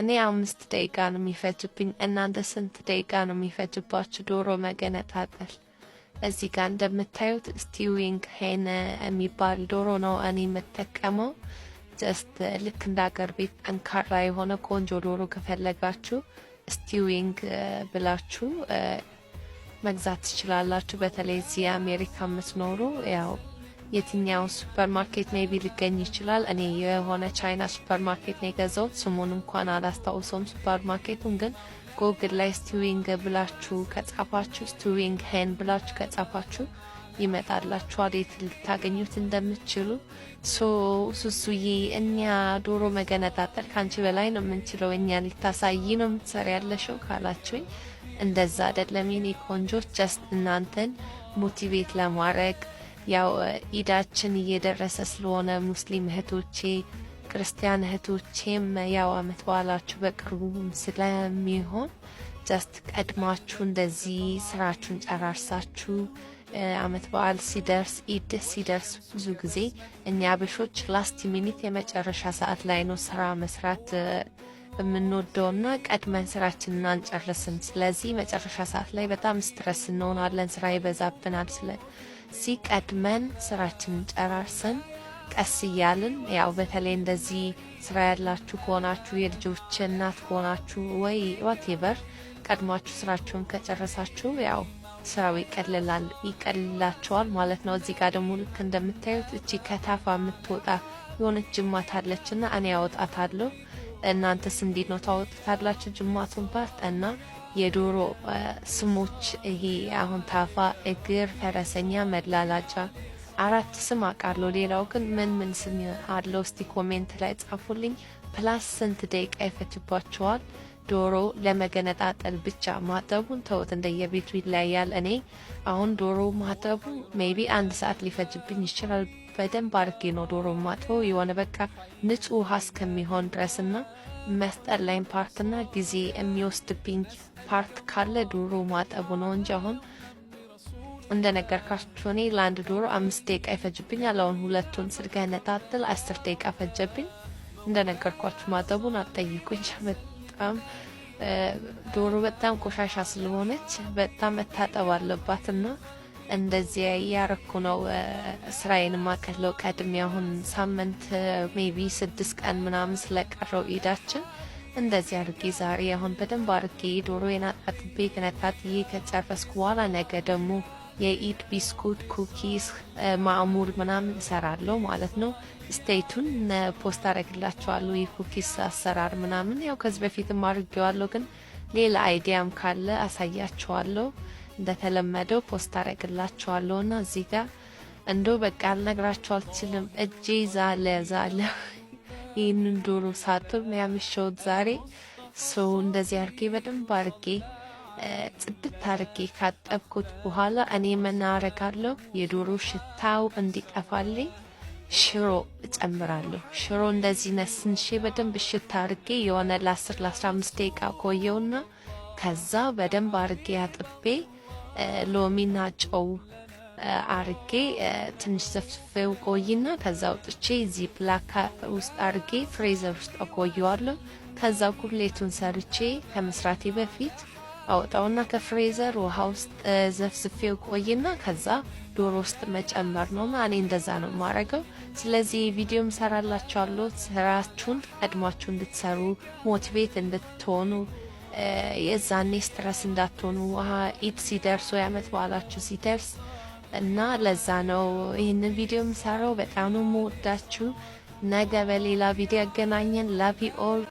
እኔ አምስት ደቂቃ ነው የሚፈጅብኝ። እናንተ ስንት ደቂቃ ነው የሚፈጅባችሁ ዶሮ መገነጣጠል? እዚህ ጋ እንደምታዩት ስቲዊንግ ሄን የሚባል ዶሮ ነው እኔ የምጠቀመው። ጀስት ልክ እንደ ሀገር ቤት ጠንካራ የሆነ ቆንጆ ዶሮ ከፈለጋችሁ ስቲዊንግ ብላችሁ መግዛት ትችላላችሁ። በተለይ እዚህ አሜሪካ የምትኖሩ ያው የትኛው ሱፐር ማርኬት ሜቢ ሊገኝ ይችላል። እኔ የሆነ ቻይና ሱፐር ማርኬት ነው የገዛሁት። ስሙን እንኳን አላስታውሰውም ሱፐር ማርኬቱን ግን ጎግል ላይ ስቲዊንግ ብላችሁ ከጻፋችሁ ስቲዊንግ ሄን ብላችሁ ከጻፋችሁ ይመጣላችኋል የት ልታገኙት እንደምትችሉ። ሱሱዬ እኛ ዶሮ መገነጣጠል ከአንቺ በላይ ነው የምንችለው፣ እኛ ልታሳይ ነው የምትሰሪ ያለሽው ካላችሁኝ፣ እንደዛ አይደለም የኔ ቆንጆች፣ ጀስት እናንተን ሞቲቬት ለማድረግ ያው ኢዳችን እየደረሰ ስለሆነ ሙስሊም እህቶቼ፣ ክርስቲያን እህቶቼም ያው አመት በዓላችሁ በቅርቡ ስለሚሆን ጀስት ቀድማችሁ እንደዚህ ስራችሁን ጨራርሳችሁ አመት በዓል ሲደርስ ኢድ ሲደርስ ብዙ ጊዜ እኛ አበሾች ላስት ሚኒት የመጨረሻ ሰዓት ላይ ነው ስራ መስራት የምንወደው እና ቀድመን ስራችንን አንጨርስም። ስለዚህ መጨረሻ ሰዓት ላይ በጣም ስትረስ እንሆናለን፣ ስራ ይበዛብናል። ሲቀድመን ስራችን ጨራርሰን ቀስ እያልን ያው በተለይ እንደዚህ ስራ ያላችሁ ከሆናችሁ የልጆች እናት ከሆናችሁ ወይ ዋቴቨር ቀድማችሁ ስራችሁን ከጨረሳችሁ ያው ስራው ይቀልላል ይቀልላቸዋል ማለት ነው። እዚህ ጋር ደግሞ ልክ እንደምታዩት እቺ ከታፋ የምትወጣ የሆነች ጅማት አለችና እኔ ያወጣታለሁ። እናንተስ እንዴት ነው ታወጡታላችሁ? ጅማቱን እና የዶሮ ስሞች ይሄ አሁን ታፋ፣ እግር፣ ፈረሰኛ፣ መላላጫ አራት ስም አውቃለሁ። ሌላው ግን ምን ምን ስም አለው? እስቲ ኮሜንት ላይ ጻፉልኝ። ፕላስ ስንት ደቂቃ ይፈጅባቸዋል? ዶሮ ለመገነጣጠል ብቻ ማጠቡን ተውት፣ እንደየቤቱ ይለያያል። እኔ አሁን ዶሮ ማጠቡ ሜቢ አንድ ሰዓት ሊፈጅብኝ ይችላል። በደንብ አድርጌ ነው ዶሮ ማጥበው የሆነ በቃ ንጹህ ውሃ እስከሚሆን ድረስና የሚያስጠላኝ ፓርትና ጊዜ የሚወስድብኝ ፓርት ካለ ዶሮ ማጠቡ ነው እንጂ አሁን እንደነገርኳችሁ እኔ ለአንድ ዶሮ አምስት ደቂቃ ይፈጅብኛል። አሁን ሁለቱን ስገነጣጥል አስር ደቂቃ ፈጀብኝ። እንደነገርኳችሁ ማጠቡን አጠይቁኝ። በጣም ዶሮ በጣም ቆሻሻ ስለሆነች በጣም መታጠብ አለባትና እንደዚህ እያረኩ ነው ስራዬን ማቀለው። ቀድሜ አሁን ሳምንት ሜቢ ስድስት ቀን ምናምን ስለቀረው ኢዳችን እንደዚህ አድርጌ ዛሬ አሁን በደንብ አድርጌ ዶሮዬን አጣጥቤ ገነጣጥዬ ከጨረስኩ በኋላ ነገ ደግሞ የኢድ ቢስኩት፣ ኩኪስ፣ ማዕሙር ምናምን እሰራለሁ ማለት ነው። ስቴቱን ፖስት አደረግላቸዋለሁ። የኩኪስ አሰራር ምናምን ያው ከዚህ በፊትም አድርጌዋለሁ፣ ግን ሌላ አይዲያም ካለ አሳያችኋለሁ። እንደተለመደው ፖስት አደረግላችኋለሁ እና እዚህ ጋር እንዶ በቃ አልነግራችሁ አልችልም። እጄ ዛለ ዛለ ይህንን ዶሮ ሳጥብ ያመሸሁት ዛሬ ሶ እንደዚህ አርጌ በደንብ አርጌ ጽድት አርጌ ካጠብኩት በኋላ እኔ ምን አረጋለሁ? የዶሮ ሽታው እንዲጠፋልኝ ሽሮ እጨምራለሁ። ሽሮ እንደዚህ ነስንሼ በደንብ ሽታ አርጌ የሆነ ለ10 ለ15 ደቂቃ ቆየውና ከዛ በደንብ አርጌ አጥቤ ሎሚና ጨው አርጌ ትንሽ ዘፍዝፌው ቆይና ከዛ ውጥቼ ዚፕ ፕላካ ውስጥ አርጌ ፍሬዘር ውስጥ አቆየዋለሁ። ከዛ ኩሌቱን ሰርቼ ከመስራቴ በፊት አወጣውና ከፍሬዘር ውሃ ውስጥ ዘፍዝፌው ቆይና ከዛ ዶሮ ውስጥ መጨመር ነው። እኔ እንደዛ ነው የማረገው። ስለዚህ ቪዲዮም ሰራላችኋለሁ። ስራችሁን ቀድማችሁ እንድትሰሩ ሞቲቬት እንድትሆኑ የዛኔ ስትረስ እንዳትሆኑ ውሃ ኢድ ሲደርስ ወይ አመት በኋላችሁ ሲደርስ እና ለዛ ነው ይህንን ቪዲዮ የምሰራው። በጣም ነው የምወዳችሁ። ነገ በሌላ ቪዲዮ ያገናኘን። ላቪ ኦል